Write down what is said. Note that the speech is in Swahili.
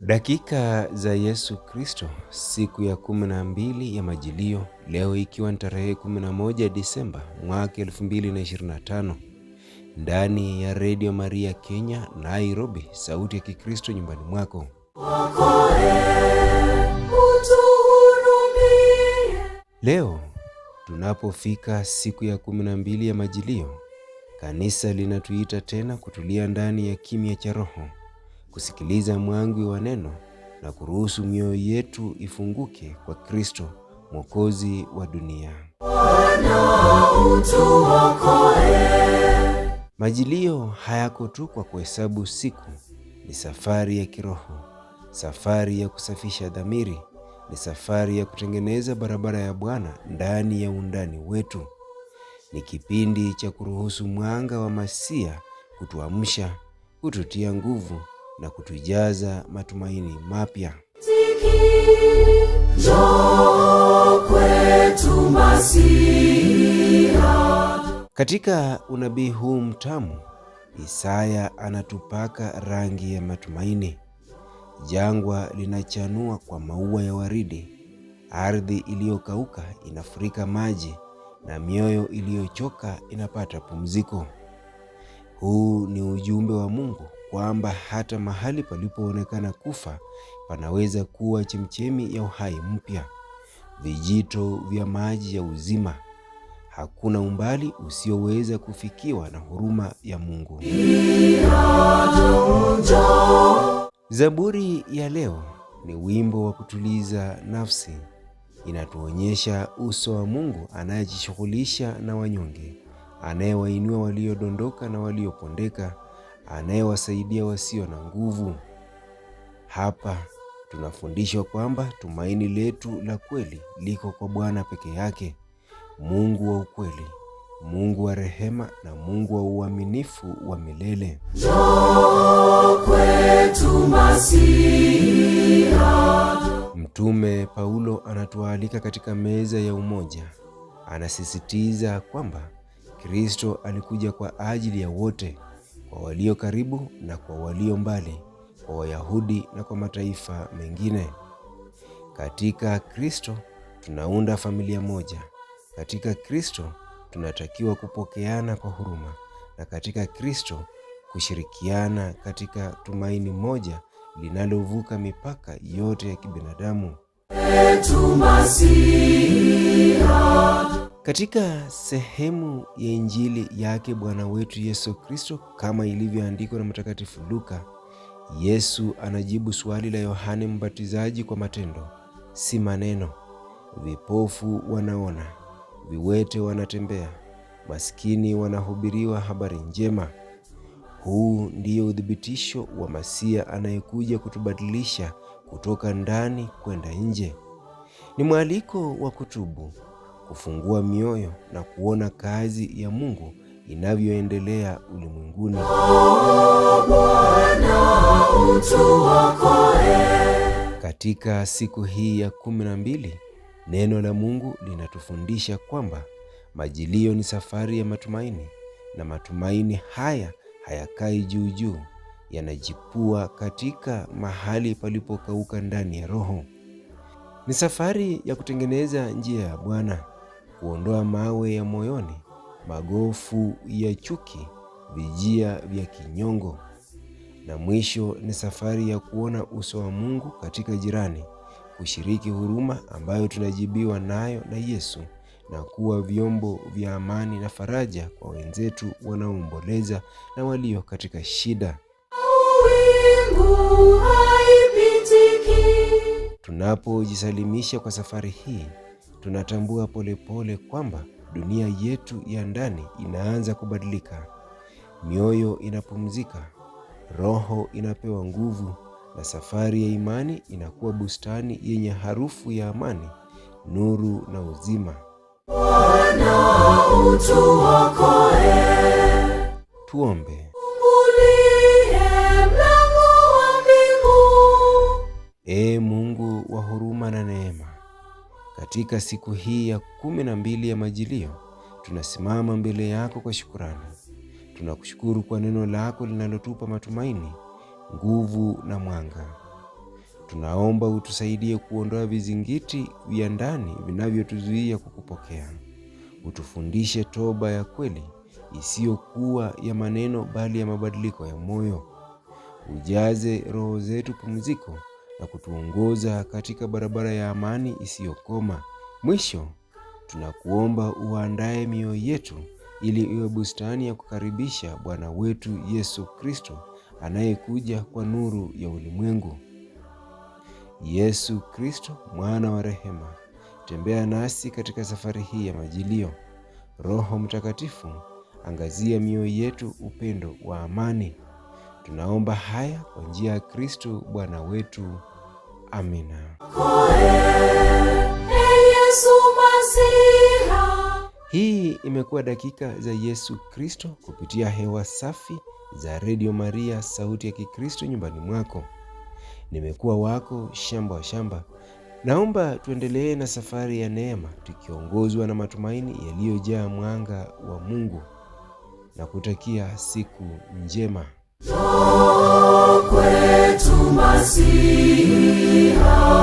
Dakika za Yesu Kristo, siku ya kumi na mbili ya Majilio, leo ikiwa ni tarehe 11 Disemba mwaka 2025, ndani ya Redio Maria Kenya, Nairobi, sauti ya Kikristo nyumbani mwako. Leo tunapofika siku ya kumi na mbili ya Majilio Kanisa linatuita tena kutulia ndani ya kimya cha Roho, kusikiliza mwangwi wa neno na kuruhusu mioyo yetu ifunguke kwa Kristo mwokozi wa dunia. Majilio hayako tu kwa kuhesabu siku, ni safari ya kiroho, safari ya kusafisha dhamiri, ni safari ya kutengeneza barabara ya Bwana ndani ya undani wetu. Ni kipindi cha kuruhusu mwanga wa Masia kutuamsha, kututia nguvu na kutujaza matumaini mapya. Katika unabii huu mtamu, Isaya anatupaka rangi ya matumaini. Jangwa linachanua kwa maua ya waridi, ardhi iliyokauka inafurika maji na mioyo iliyochoka inapata pumziko. Huu ni ujumbe wa Mungu kwamba hata mahali palipoonekana kufa panaweza kuwa chemchemi ya uhai mpya, vijito vya maji ya uzima. Hakuna umbali usioweza kufikiwa na huruma ya Mungu. Zaburi ya leo ni wimbo wa kutuliza nafsi inatuonyesha uso wa Mungu anayejishughulisha na wanyonge, anayewainua waliodondoka na waliopondeka, anayewasaidia wasio na nguvu. Hapa tunafundishwa kwamba tumaini letu la kweli liko kwa Bwana peke yake, Mungu wa ukweli, Mungu wa rehema na Mungu wa uaminifu wa milele. kwetu Mtume Paulo Paulo anatualika katika meza ya umoja. Anasisitiza kwamba Kristo alikuja kwa ajili ya wote, kwa walio karibu na kwa walio mbali, kwa Wayahudi na kwa mataifa mengine. Katika Kristo tunaunda familia moja. Katika Kristo tunatakiwa kupokeana kwa huruma, na katika Kristo kushirikiana katika tumaini moja linalovuka mipaka yote ya kibinadamu. Katika sehemu ya injili yake Bwana wetu Yesu Kristo, kama ilivyoandikwa na Mtakatifu Luka, Yesu anajibu swali la Yohane Mbatizaji kwa matendo, si maneno. Vipofu wanaona, viwete wanatembea, maskini wanahubiriwa habari njema. Huu ndiyo uthibitisho wa Masia anayekuja kutubadilisha kutoka ndani kwenda nje. Ni mwaliko wa kutubu, kufungua mioyo na kuona kazi ya Mungu inavyoendelea ulimwenguni. Katika siku hii ya kumi na mbili, neno la Mungu linatufundisha kwamba majilio ni safari ya matumaini na matumaini haya hayakai juu juu, yanajipua katika mahali palipokauka ndani ya roho. Ni safari ya kutengeneza njia ya Bwana, kuondoa mawe ya moyoni, magofu ya chuki, vijia vya kinyongo, na mwisho ni safari ya kuona uso wa Mungu katika jirani, kushiriki huruma ambayo tunajibiwa nayo na Yesu na kuwa vyombo vya amani na faraja kwa wenzetu wanaoomboleza na walio katika shida yangu haipitiki. Tunapojisalimisha kwa safari hii, tunatambua polepole pole kwamba dunia yetu ya ndani inaanza kubadilika. Mioyo inapumzika, roho inapewa nguvu, na safari ya imani inakuwa bustani yenye harufu ya amani, nuru na uzima. Bwana, utuokoe. Tuombe. Katika siku hii ya kumi na mbili ya Majilio, tunasimama mbele yako kwa shukurani. Tunakushukuru kwa neno lako linalotupa matumaini, nguvu na mwanga. Tunaomba utusaidie kuondoa vizingiti vya ndani vinavyotuzuia kukupokea. Utufundishe toba ya kweli isiyokuwa ya maneno, bali ya mabadiliko ya moyo. Ujaze roho zetu pumziko na kutuongoza katika barabara ya amani isiyokoma. Mwisho, tunakuomba uandae mioyo yetu ili iwe bustani ya kukaribisha Bwana wetu Yesu Kristo anayekuja kwa nuru ya ulimwengu. Yesu Kristo, mwana wa rehema, tembea nasi katika safari hii ya majilio. Roho Mtakatifu, angazia mioyo yetu upendo wa amani. Tunaomba haya kwa njia ya Kristo Bwana wetu. Amina. Hii imekuwa dakika za Yesu Kristo kupitia hewa safi za Radio Maria, sauti ya Kikristo nyumbani mwako. Nimekuwa wako Shamba wa Shamba. Naomba tuendelee na safari ya neema tukiongozwa na matumaini yaliyojaa mwanga wa Mungu na kutakia siku njema. Masiha.